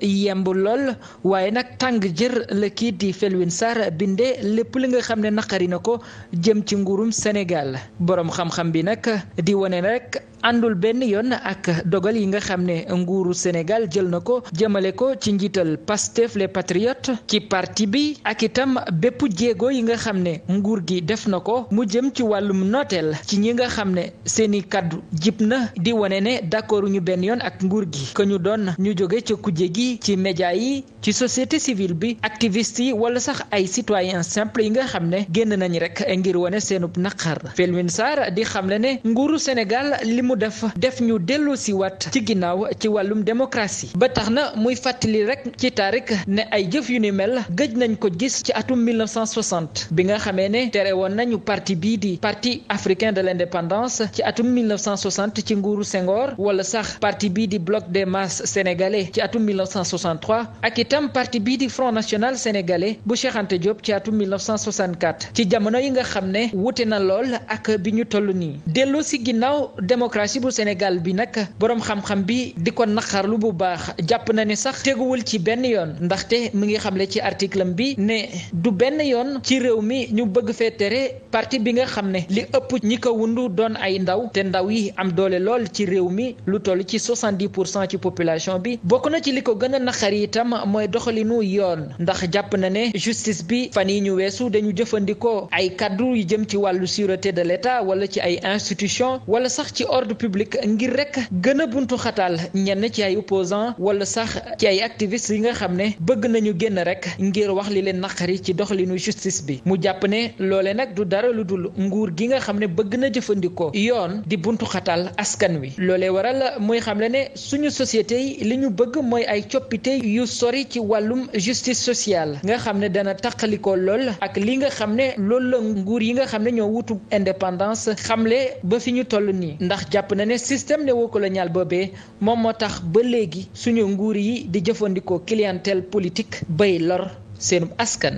yemb lool waaye nag tàng jër la kii di Felwine Sarr binde lépp li nga xam ne naqari na ko jëm ci nguurum Sénégal boroom xam-xam bi nag di wane rekk àndul benn yoon ak dogal yi nga xam ne nguuru Sénégal jël na ko jëmale ko ci njiital Pastef les Patriotes ci parti bi ak itam bépp jéego yi nga xam ne nguur gi def na ko mu jëm ci wàllum nooteel ci ñi nga xam ne seeni kàddu jib na di wane ne d'accordu ñu benn yoon ak nguur gi que ñu doon ñu jóge ca kujje gi ci média yi ci société civile bi activiste yi wala sax ay citoyen simple yi nga xam ne génn nañu rek ngir wane seenub naqar Felwine Sarr di xam ne nguuru Sénégal mu def ñu dellu si wat ci ginnaaw ci wàllum démocratie ba tax na muy fàttali rek ci tarik ne ay jëf yu ni mel gëj nañ ko gis ci atum 1960 bi nga xamee ne tere woon nañu parti bii di parti africain de l'indépendance ci atum 1960 ci nguuru Senghor wala sax parti bi di bloc des masses sénégalais ci atum 1963 ak itam parti bii di front national sénégalais bu Cheikh Anta Diop ci atum 1964 ci jamono yi nga xam ne wute na lool ak bi ñu toll nii dellu si ginnaaw démocratie démocratie bu Sénégal bi nag boroom xam-xam bi di ko naxarlu bu baax jàpp na ne sax teguwul ci benn yoon ndaxte mu ngi xamle ci article bi ne du benn yoon ci réew mi ñu bëgg fee tere parti bi nga xam ne li ëpp ñi ko wundu doon ay ndaw te ndaw yi am doole lool ci réew mi lu toll ci 70 pour cent ci population bi bokk na ci li ko gën a naqari itam mooy doxalinu yoon ndax jàpp na ne justice bi fan yi ñu weesu dañu jëfandikoo ay kàddu yu jëm ci wàllu sûreté de l'État wala ci ay institution ordre public ngir rek gën a buntu xatal ñenn ci ay opposants wala sax ci ay activistes yi nga xam ne bëgg nañu génn rek ngir wax li leen naqari ci doxalinu justice bi mu jàpp ne loole nag du dara lu dul nguur gi nga xam ne bëgg na jëfandikoo yoon di buntu xatal askan wi loole waral mooy xam ne suñu société yi li ñu bëgg mooy ay coppite yu sori ci wàllum justice sociale nga xam ne dana taqalikoo lool ak li nga xam ne loolu la nguur yi nga xam ne ñoo wutu indépendance xamle toll nii jàpp na ne système ba boobee moom moo tax ba léegi suñu nguur yi di jëfandikoo clientèle politique bay lor seenum askan